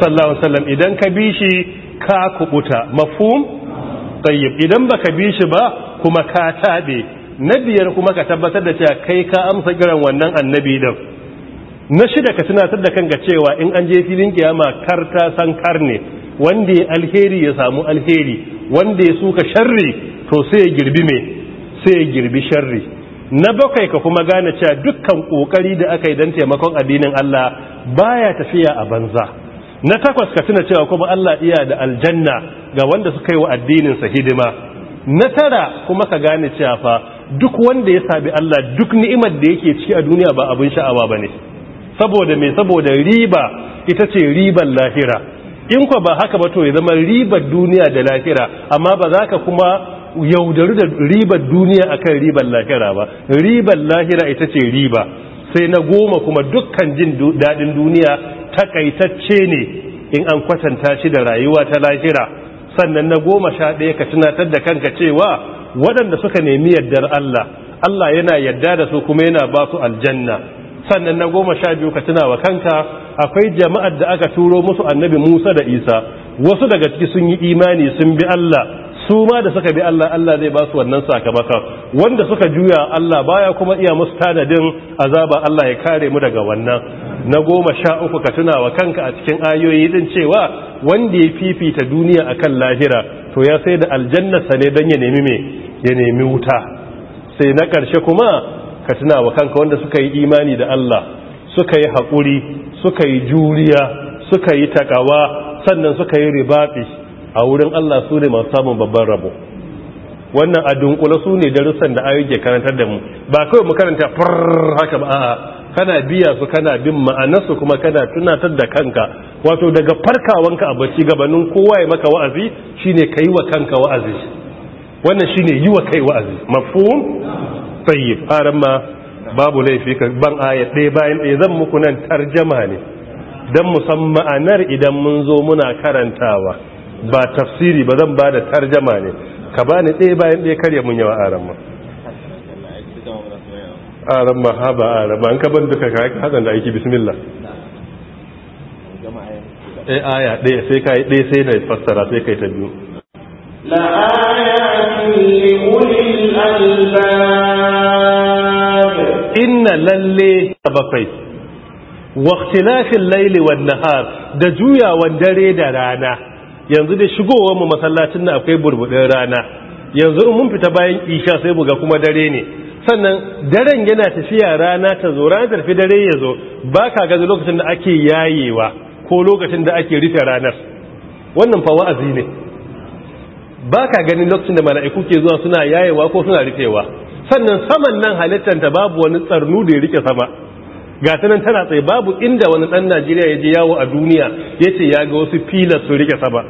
S1: sallallahu alaihi wasallam idan ka bi shi ka kubuta mafhum tayyib idan baka bi shi ba kuma ka na biyar kuma ka tabbatar da cewa kai ka amsa kiran wannan annabi din na shida ka tunatar da kanka cewa in an je filin kiyama karta san karne wanda alheri ya samu alheri wanda ya suka sharri to sai ya girbi mai. sai ya girbi sharri na bakwai ka kuma gane cewa dukkan kokari da aka yi don taimakon addinin Allah baya tafiya a banza na takwas ka tuna cewa kuma Allah iya da aljanna ga wanda suka yi wa addinin sa hidima na tara kuma ka gane cewa fa duk wanda ya sabi Allah duk ni'imar da yake ciki a duniya ba abin sha'awa bane saboda me saboda riba ita ce riban lahira in kwa ba haka ba to ya zama ribar duniya da lahira amma ba za ka kuma Yaudari da ribar duniya akan ribar lahira ba ribar lahira ita ce riba sai na goma kuma dukkan jin daɗin duniya takaitacce ne in an kwatanta shi da rayuwa ta lahira sannan na goma sha ɗaya ka tunatar da kanka cewa waɗanda suka nemi yardar Allah Allah yana yadda da su kuma yana ba su aljanna sannan na goma sha biyu ka tuna wa kanka akwai jama'ar da aka turo musu annabi Musa da Isa wasu daga ciki sun yi imani sun bi Allah su ma da suka bi Allah Allah zai ba su wannan sakamaka wanda suka juya Allah baya kuma iya musu tanadin azaba Allah ya kare mu daga wannan na goma sha uku ka tuna wa kanka a cikin ayoyi din cewa wanda ya fifita duniya akan lahira to ya sai da aljannasa ne don ya nemi me ya nemi wuta sai na karshe kuma ka tuna wa kanka wanda suka yi imani da Allah suka yi haƙuri suka yi juriya suka yi takawa sannan suka yi ribaɓi a wurin Allah su ne masu samun babban rabo wannan a dunkula su ne darussan da ayoyi ke karantar da mu ba kawai mu karanta furr haka ba a'a kana biya su kana bin ma'anarsu kuma kana tunatar da kanka wato daga farkawanka a bacci gabanin kowa ya maka wa'azi shine kai wa kanka wa'azi wannan shine yi wa kai wa'azi mafhum tayyib haran babu laifi ka ban aya ɗaya bayan ɗaya zan muku nan tarjama ne dan musamman ma'anar idan mun zo muna karantawa ba tafsiri ba zan ba da tarjama ne ka ba ni ɗaya bayan ɗaya karya mun yawa aran ma aran ma ha ba aran ma an ka ban duka ka haka da aiki bismillah ɗaya eh, aya ɗaya sai ka yi ɗaya sai na fassara sai kai ta biyu inna lalle ta bakwai waktilafin laili wa har da juyawan dare da rana yanzu da shigowar mu masallacin na akwai burbudin rana yanzu in mun fita bayan isha sai buga kuma dare ne sannan daren yana tafiya rana ta zo rana tafi dare yazo zo ba ka gani lokacin da ake yayewa ko lokacin da ake rufe ranar wannan fa wa'azi ne ba ka gani lokacin da mala'iku ke zuwa suna yayewa ko suna rufewa sannan saman nan halittar ta babu wani tsarnu da ya rike sama ga sanan tana tsaye babu inda wani ɗan najeriya ya je yawo a duniya ya ce ya ga wasu filas su rike sama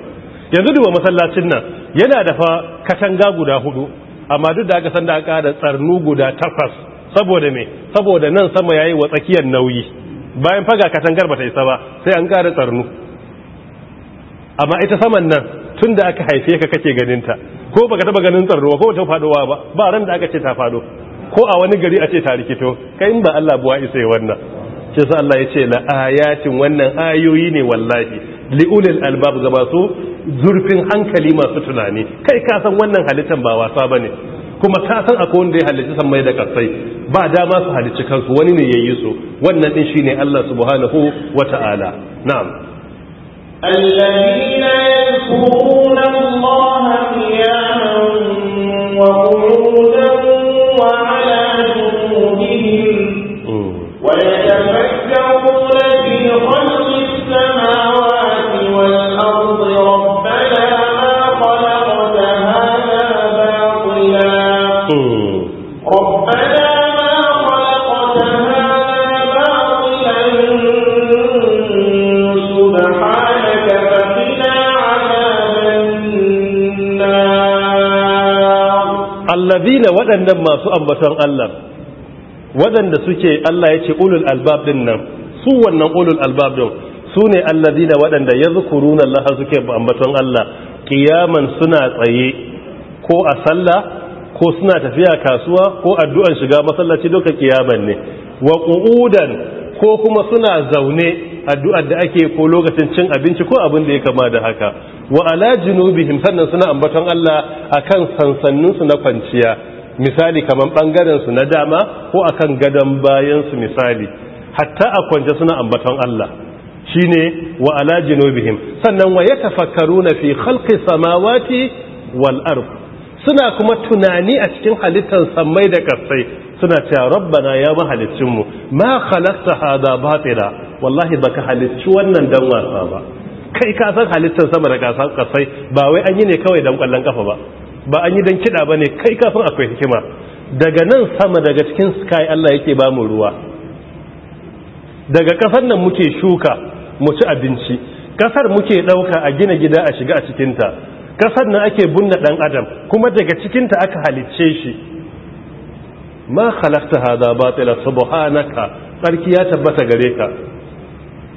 S1: yanzu duba masallacin nan yana dafa katanga guda hudu amma duk da aka san da aka da tsarnu guda takwas saboda me saboda nan sama yayi wa tsakiyar nauyi bayan faga katangar bata isa ba sai an ƙara tsarnu amma ita saman nan tun da aka haife ka kake ganin ta ko baka taba ganin tsarnu ko ta faduwa ba ba ran da aka ce ta fado ko a wani gari a ce ta rikito kai in ba Allah buwa isa wannan sai sa Allah ya ce la ayatin wannan ayoyi ne wallahi li'ulil albab ga masu zurfin hankali masu tunani kai ka san wannan halittar ba wasa bane kuma ka san akwai wanda ya halicci san mai da kasai ba dama su halicci kansu wani ne yayi su wannan din shine Allah subhanahu wata'ala na'am alladhina
S2: yadhkuruna Allah qiyaman wa qu'udan wa 'ala
S1: waɗannan masu ambaton Allah waɗanda suke Allah ya ce ulul albab din nan su wannan ulul albab din su ne allazina waɗanda ya yazkuruna Allah suke ambaton Allah kiyaman suna tsaye ko a sallah ko suna tafiya kasuwa ko addu'an shiga masallaci duka kiyaman ne wa qu'udan ko kuma suna zaune addu'ar da ake ko lokacin cin abinci ko abin da ya kama da haka wa ala junubihim sannan suna ambaton Allah akan sansanninsu na kwanciya misali kamar ɓangarensu na dama ko a kan gadon bayansu misali hatta a kwance suna ambaton Allah shine ne wa ala sannan wa ya tafakkaru na fi halki samawati wal'ar suna kuma tunani a cikin halittar samai da kasai suna cewa rabbana ya mu ma halatta hada batila wallahi baka halicci wannan dan wasa ba kai ka san halittar sama da kasai ba wai an yi ne kawai dan kwallon kafa ba ba an yi don kiɗa ba ne kai kafin akwai hikima daga nan sama daga cikin sky Allah yake ba mu ruwa daga ƙasar nan muke shuka mu ci abinci ƙasar muke ɗauka a gina gida a shiga a cikinta ƙasar nan ake bunna ɗan adam kuma daga cikinta aka halicce shi ma halakta hada batila subhanaka tsarki ya tabbata gare ka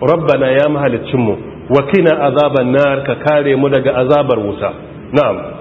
S1: rabbana ya mahalicinmu mu, wakina azaban nar ka kare mu daga azabar wuta na'am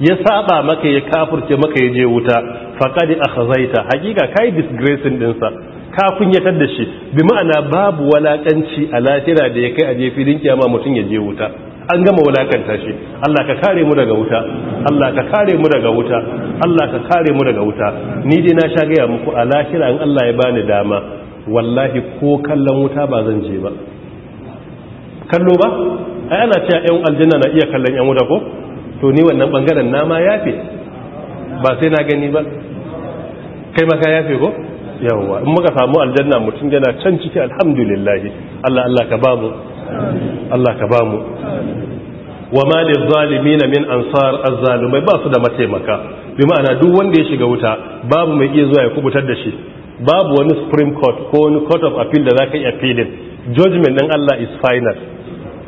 S1: ya saba maka ya kafurce maka ya je wuta faqad akhzaita hakika kai disgracing din sa ka kunyatar da shi bi ma'ana babu walakanci a lafira da ya kai a jefi filin kiyama mutum ya je wuta an gama walakanta shi Allah ka kare mu daga wuta Allah ka kare mu daga wuta Allah ka kare mu daga wuta ni dai na sha gaya muku a lafira in Allah ya bani dama wallahi ko kallon wuta ba zan je ba kallo ba ai ana cewa ƴan aljanna na iya kallon ƴan wuta ko to ni wannan bangaren nama yafe ba sai na gani ba kai maka yafe ko yawwa in muka samu aljanna mutum yana can ciki alhamdulillah Allah Allah ka ba mu Allah ka ba mu wa ma lil zalimin min ansar azzalumai ba su da mataimaka bi ma'ana duk wanda ya shiga wuta babu mai iya zuwa ya kubutar da shi babu wani supreme court ko wani court of appeal da zaka iya appealing judgment din Allah is final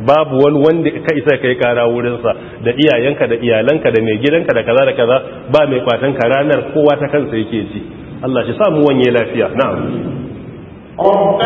S1: babu wani wanda ka isa kai kara wurinsa da iyayenka da iyalanka da mai gidanka da kaza da kaza ba mai kwatan ka ranar kowa ta kansa yake ji Allah shi samu wanye lafiya na'am أن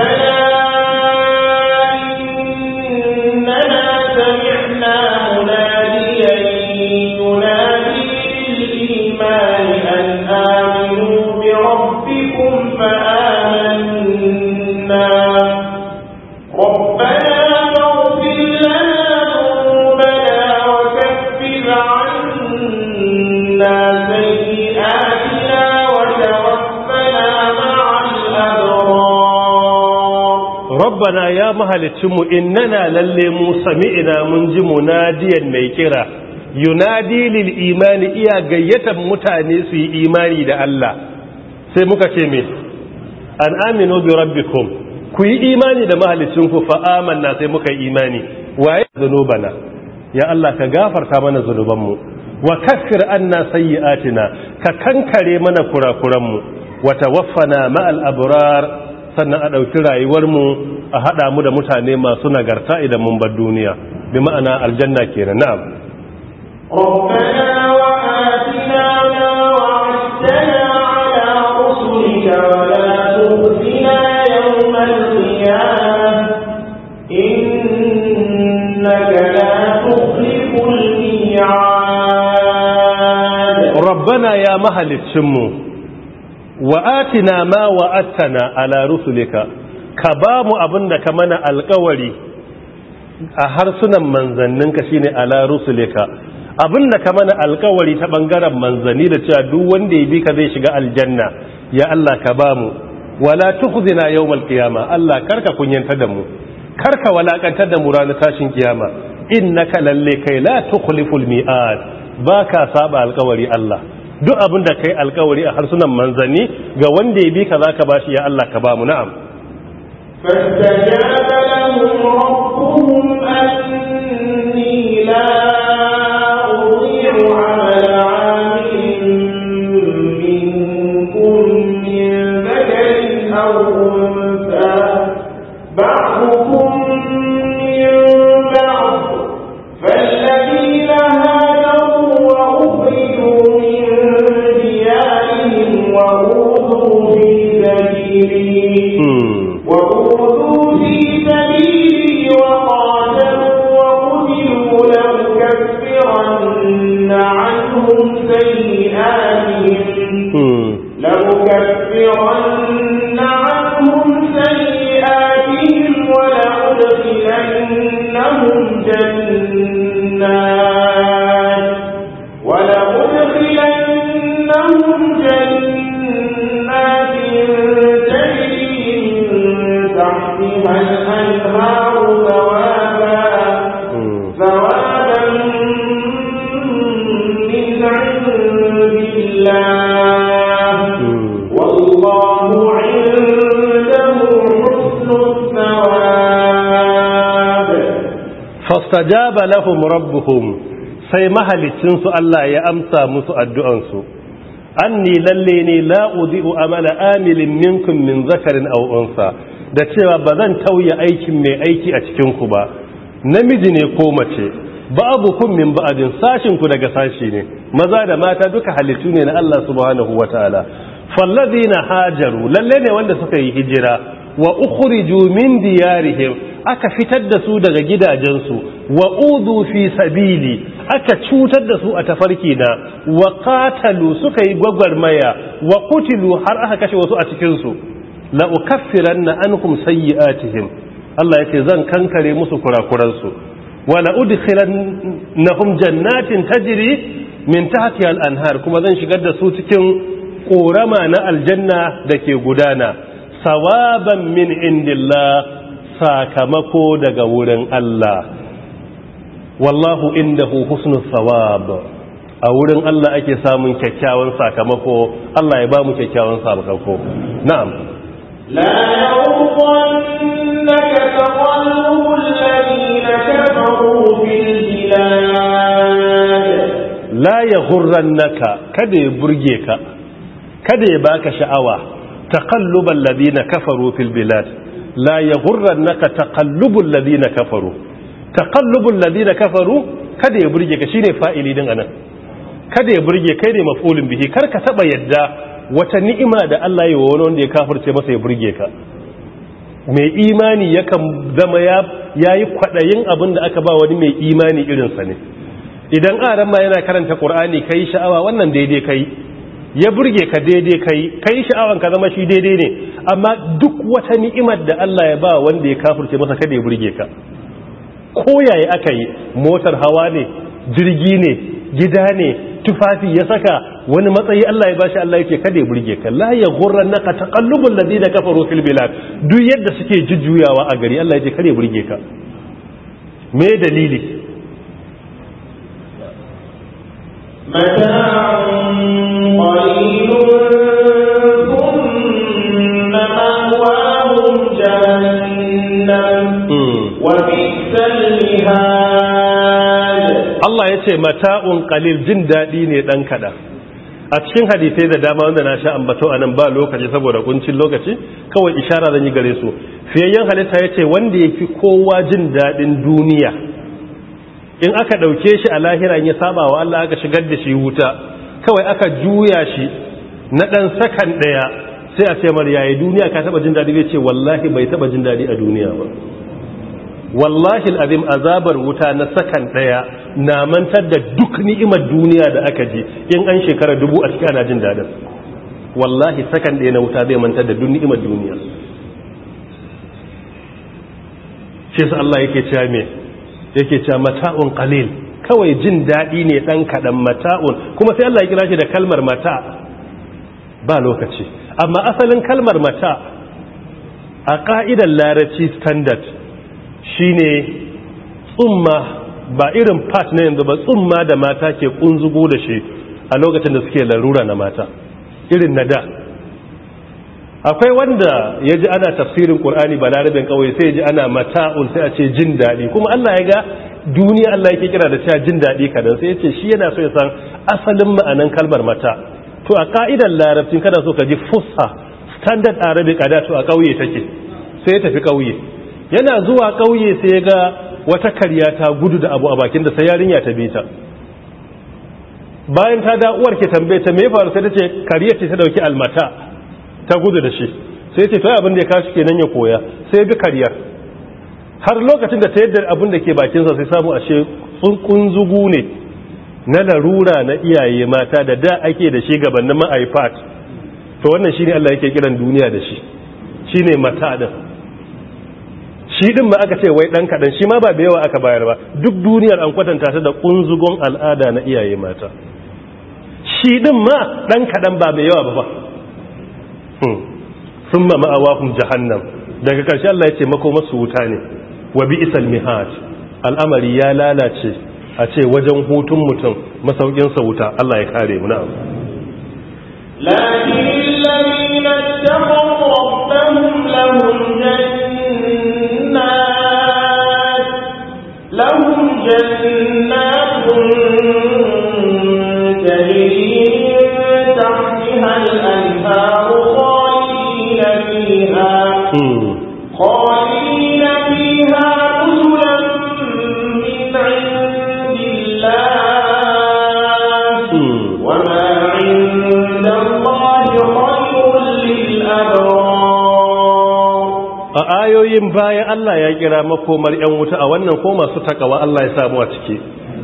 S1: mahalicinmu na lalle mu ina mun ji munadiyan mai kira yunadi lil imani iya gayyata mutane su yi imani da Allah sai muka ce me an aminu bi rabbikum ku yi imani da mahalicinku fa amanna sai muka yi imani waye zanubana ya Allah ka gafarta mana zanubanmu wa kaffir anna sayyi'atina ka kankare mana kurakuranmu wa tawaffana ma'al abrar sannan a ɗauki rayuwarmu a hada mu da mutane masu nagarta idan mun bar duniya bi ma'ana aljanna kenan na'am rabbana wa atina ma wa'adtana ala rusulika wa la ya mahallicin mu ma wa'atana ala ka ba mu abin da ka mana alkawari a harsunan ka shine ala rusulika abin da ka mana alkawari ta bangaren manzanni da cewa duk wanda ya bi ka zai shiga aljanna ya Allah ka ba mu wala tukhzina yawmal qiyama Allah karka kunyanta da mu karka walakantar da mu ranar tashin kiyama innaka lalle kai la tukhliful mi'ad baka saba alkawari Allah duk abin da kai alkawari a harsunan manzanni ga wanda ya bi ka zaka bashi ya Allah ka ba mu na'am
S2: فاستجاب لهم ربهم
S1: fastajaba lahum rabbuhum sai mahalicin su Allah ya amsa musu addu'ansu su anni lalle ne la udhi'u amala amilin minkum min zakarin aw unsa da cewa bazan tauye aikin mai aiki a cikin ku ba namiji ne ko mace babu kun min ba'adin sashin ku daga sashi ne maza da mata duka halittu ne na Allah subhanahu wataala fallazina hajaru lalle ne wanda suka yi hijira wa ukhriju min diyarihim aka fitar da su daga gidajensu wa udu fi sabili aka cutar da su a tafarki na wa qatalu suka yi gwagwarmaya wa qutilu har aka kashe wasu a cikin su la ukaffiranna ankum sayiatihim Allah yake zan kankare musu kurakuran su wa la udkhilannahum jannatin tajri min tahtiha al-anhar kuma zan shigar da su cikin korama na aljanna dake gudana sawaban min indillah sakamako daga wurin Allah wallahu indahu husnul thawab a wurin Allah ake samun kyakkyawan sakamako Allah ya ba mu kyakkyawan sakamako na'am
S2: la yawqannaka taqallubul ladina kafaru
S1: fil bilad la yaghurrannaka kada ya burge ka kada ya baka sha'awa taqallubal ladina kafaru fil bilad la yaghurrannaka taqallubul ladina kafaru taqallubul ladina kafaru kada ya burge ka shi ne fa'ili din anan kada ya burge kai ne maf'ulun bihi kar ka taba yadda wata ni'ima da Allah ya wa wani wanda ya kafirce masa ya burge ka mai imani yakan zama ya yayi kwaɗayin abin da aka ba wani mai imani irin sa ne idan aran ma yana karanta qur'ani kai sha'awa wannan daidai kai ya burge ka daidai kai kai sha'awan ka zama shi daidai ne amma duk wata ni'imar da Allah ya ba wanda ya kafirce masa kada ya burge ka koyaye aka yi motar hawa ne jirgi ne gida ne tufafi ya saka wani matsayi Allah ya bashi Allah yake kada ya burge ka la ya naka taqallubul ladina kafaru fil bilad duk yadda suke jujjuyawa a gari Allah yake kada ya burge ka me dalili ce mata'un qalil jin dadi ne dan kada a cikin hadisi da dama wanda na sha ambato anan ba lokaci saboda kuncin lokaci kawai ishara zan yi gare su fiyayyen halitta yace wanda yafi kowa jin dadin duniya in aka dauke shi a lahira in ya saba wa Allah aka shigar da shi huta kawai aka juya shi na dan sakan daya sai a ce mar yayi duniya ka taba jin dadi bai ce wallahi bai taba jin dadi a duniya ba wallahi azim azabar wuta na sakan daya na mantar da duk ni'imar duniya da aka ji in an shekara dubu a cikin ana jin dadin wallahi sakan daya na wuta zai mantar da duk ni'imar duniya shi sa Allah yake cewa me yake cewa mata'un qalil kawai jin dadi ne dan kadan mata'un kuma sai Allah ya kira shi da kalmar mata ba lokaci amma asalin kalmar mata a ka'idar larabci standard Shi ne tsumma ba irin pat na yanzu ba tsumma da mata ke kunzugo da shi a lokacin da suke larura na mata irin na da akwai wanda ya ji ana tafsirin ƙur'ani ba larabin kawai sai ya ji ana mata'un sai a ce jin daɗi kuma Allah ya ga duniya Allah ya ke kira da cewa jin daɗi kadan sai ya ce shi yana so ya san asalin ma'anan kalmar mata to a ka'idar larabcin kada so ka ji fusa standard arabic a da to a ƙauye take sai ya tafi ƙauye yana zuwa ƙauye sai ya ga wata karya ta gudu da abu a bakin da sai yarinya ta bi ta bayan ta da uwar ke tambaye ta me faru sai ta ce karya ce ta dauki almata ta gudu da shi sai ce to abin da ya kashi kenan ya koya sai bi kariyar har lokacin da ta yadda abin da ke bakinsa sai samu ashe tsunkun zugu ne na larura na iyaye mata da da ake da shi gabanin ma'aifat to wannan shi ne Allah yake kiran duniya da shi shine mata din shi din ma aka ce wai dan kadan shi ma ba da yawa aka bayar ba duk duniyar an kwatanta ta da kunzugon al'ada na iyaye mata shi din ma dan kadan ba mai yawa ba ba hmm. ma ma'awahum jahannam daga karshe Allah ya ce makomarsu wuta ne wa isal mihaj al'amari ya lalace a ce wajen hutun mutum masaukin sa wuta Allah ya kare mu na'am
S2: lakin alladhina taqaw rabbahum lahum Yes
S1: In baya Allah ya kira makomar 'yan wuta a wannan ko masu takawa Allah ya samu a ciki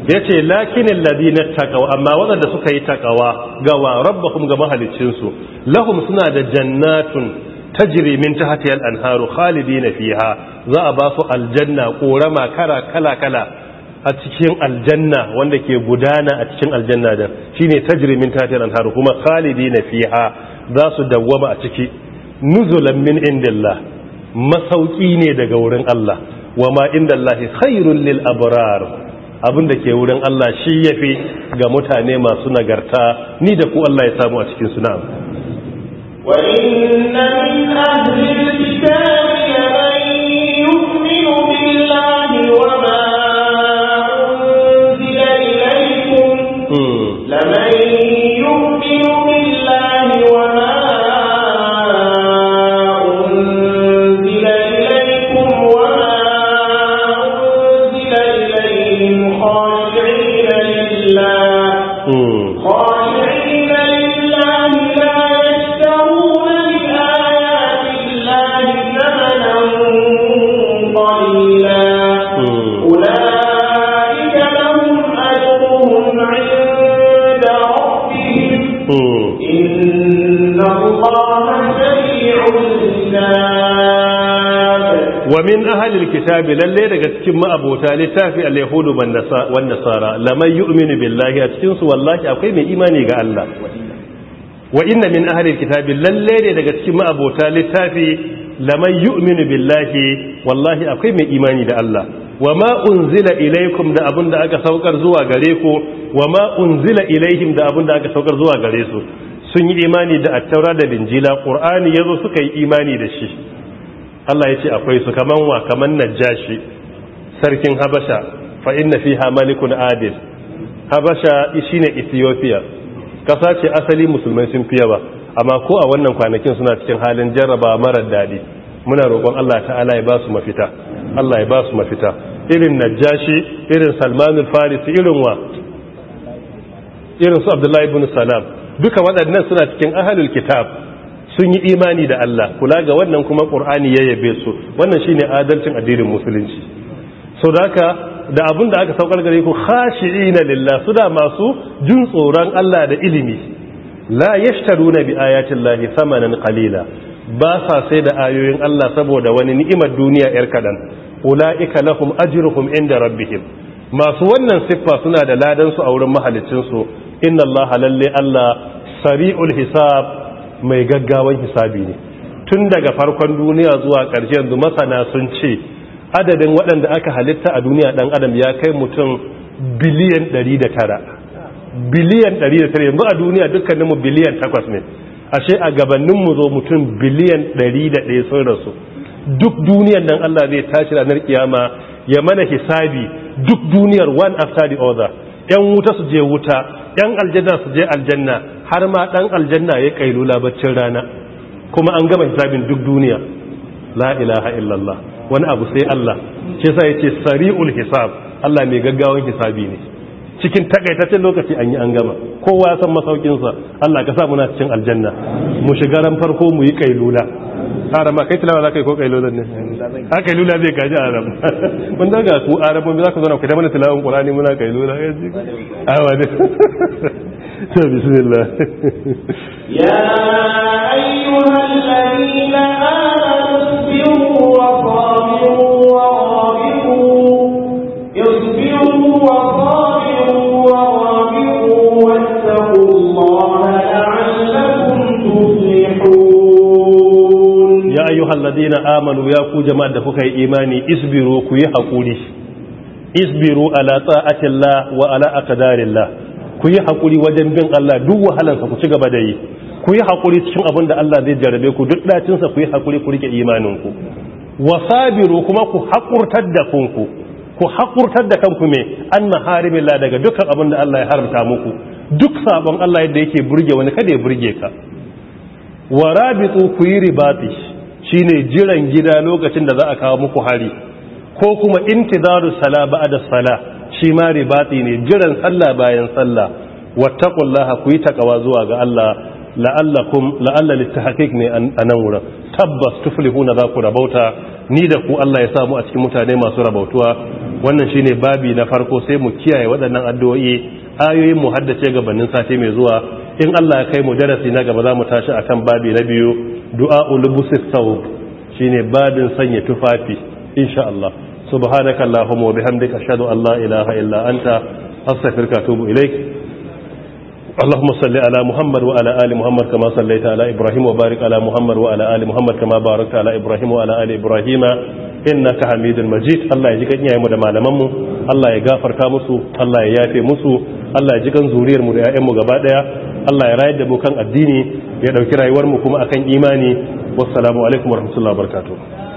S1: ya ce lakinin ladinar takawa amma waɗanda suka yi takawa gawa rabbahum ga mahalicinsu lahum suna da jannatun tajri ta tahtiha al-anharu khalidina fiha za a ba su aljanna korama kara kala kala a cikin aljanna wanda ke gudana a cikin aljanna da shine ta jirimin ta hati anharu kuma khalidina fiha za su dawwama a ciki nuzulan min indillah masauki ne daga wurin Allah wa ma inda Allah khairul lil abrar abinda ke wurin Allah shi yafi ga mutane masu nagarta ni da ku Allah ya samu a cikin suna wa
S2: inna min ahli
S1: ahalil kitabi lalle daga cikin ma'abota littafi al-yahudu wan nasara lamay yu'minu billahi a cikin wallahi akwai mai imani ga Allah wa inna min ahli kitabi lalle ne daga cikin ma'abota littafi lamay yu'minu billahi wallahi akwai mai imani da Allah wa ma unzila ilaykum da abunda aka saukar zuwa gare ku wa ma unzila ilaihim da abunda aka saukar zuwa gare su sun yi imani da at da da Kur'ani qur'ani yazo suka yi imani da shi Allah ya ce akwai su kaman wa kaman najashi sarkin habasha fa inna fiha malikun adil habasha shine ethiopia kasa ce asali musulmai sun fiya ba amma ko a wannan kwanakin suna cikin halin jarraba marar daɗi muna roƙon Allah ta'ala ya ba su mafita Allah ya ba su mafita irin najashi irin al farisi irin wa irin su abdullahi ibn salam duka waɗannan suna cikin ahalul kitab sun yi imani da Allah kula ga wannan kuma Qur'ani ya yabe su wannan shine adalcin addinin musulunci so da abin da aka saukar gare ku khashi'ina lillah su da masu jin tsoron Allah da ilimi la yashtaruna bi ayati llahi thamanan qalila ba sa sai da ayoyin Allah saboda wani ni'imar duniya yar kadan ulaika lahum ajruhum inda rabbihim masu wannan siffa suna da ladan su a wurin mahalicin su inna allaha lalle Allah sari'ul hisab mai gaggawan hisabi ne tun daga farkon duniya zuwa ƙarshe yanzu masana sun ce adadin waɗanda aka halitta a duniya ɗan adam ya kai mutum biliyan 109 biliyan 109 yanzu a duniya dukkaninmu biliyan 8 ne ashe a gabaninmu zo mutum biliyan 101 sun rasu duk duniyan nan Allah zai tashi ranar kiyama ya mana hisabi duk duniyar one after the other yan wuta su je wuta yan aljanna su je aljanna har ma ɗan aljanna ya lula baccin rana kuma an gama hisabin duk duniya la ilaha illallah wani abu sai Allah ce sai yace sari'ul hisab Allah mai gaggawan hisabi ne cikin takaitaccen lokaci an yi an gama kowa ya san masaukinsa Allah ka sa muna cikin aljanna mu shiga ran farko mu yi kailula haram kai tilawa zakai ko kailula ne a kailula zai gaji a mun daga ku arabun za zaka zo na ku ta mana tilawan qur'ani muna kailula ya ji ne to bismillah ya ayyuhal ladina allazina amanu ya ku jama'ar da kuka yi imani isbiru ku yi haƙuri isbiru ala ta'atillah wa ala aqdarillah ku yi haƙuri wajen bin Allah duk wahalansa ku ci gaba da yi ku yi haƙuri cikin abin da Allah zai jarabe ku duk sa ku yi haƙuri ku rike imaninku wasabiru kuma ku haƙurtar da kanku ku haƙurtar da kanku me an maharibillah daga dukkan abin da Allah ya haramta muku duk sabon Allah yadda yake burge wani kada ya burge ka warabitu ku yi shine jiran gida lokacin da za a kawo muku hari ko kuma intizaru sala ba'da sala shi ma ribati ne jiran sallah bayan sallah wattaqullaha ku yi takawa zuwa ga Allah la'allakum la'alla litahqiq ne anan wurin tabbas tuflihuna za ku rabauta ni da ku Allah ya samu a cikin mutane masu rabautuwa wannan shine babi na farko sai mu kiyaye waɗannan addu'o'i ayoyin mu haddace gabanin sati mai zuwa in Allah ya kai mu darasi na gaba za mu tashi akan babi na biyu du'a ulubusif thawb shine babin sanya tufafi insha Allah subhanakallahumma wa bihamdika ashhadu an la ilaha illa anta astaghfiruka wa atubu ilaik اللهم صل على محمد وعلى آل محمد كما صليت على إبراهيم وبارك على محمد وعلى آل محمد كما باركت على إبراهيم وعلى آل إبراهيم إنك حميد مجيد الله يجيك إن يعمد معلمه الله يغافر كامسو الله ييافي مسو الله يجيك أن زورير مرئائم وقبادة الله يرايد دمو كان الديني يدعو كرا يورمكم أكن إيماني والسلام عليكم ورحمة الله وبركاته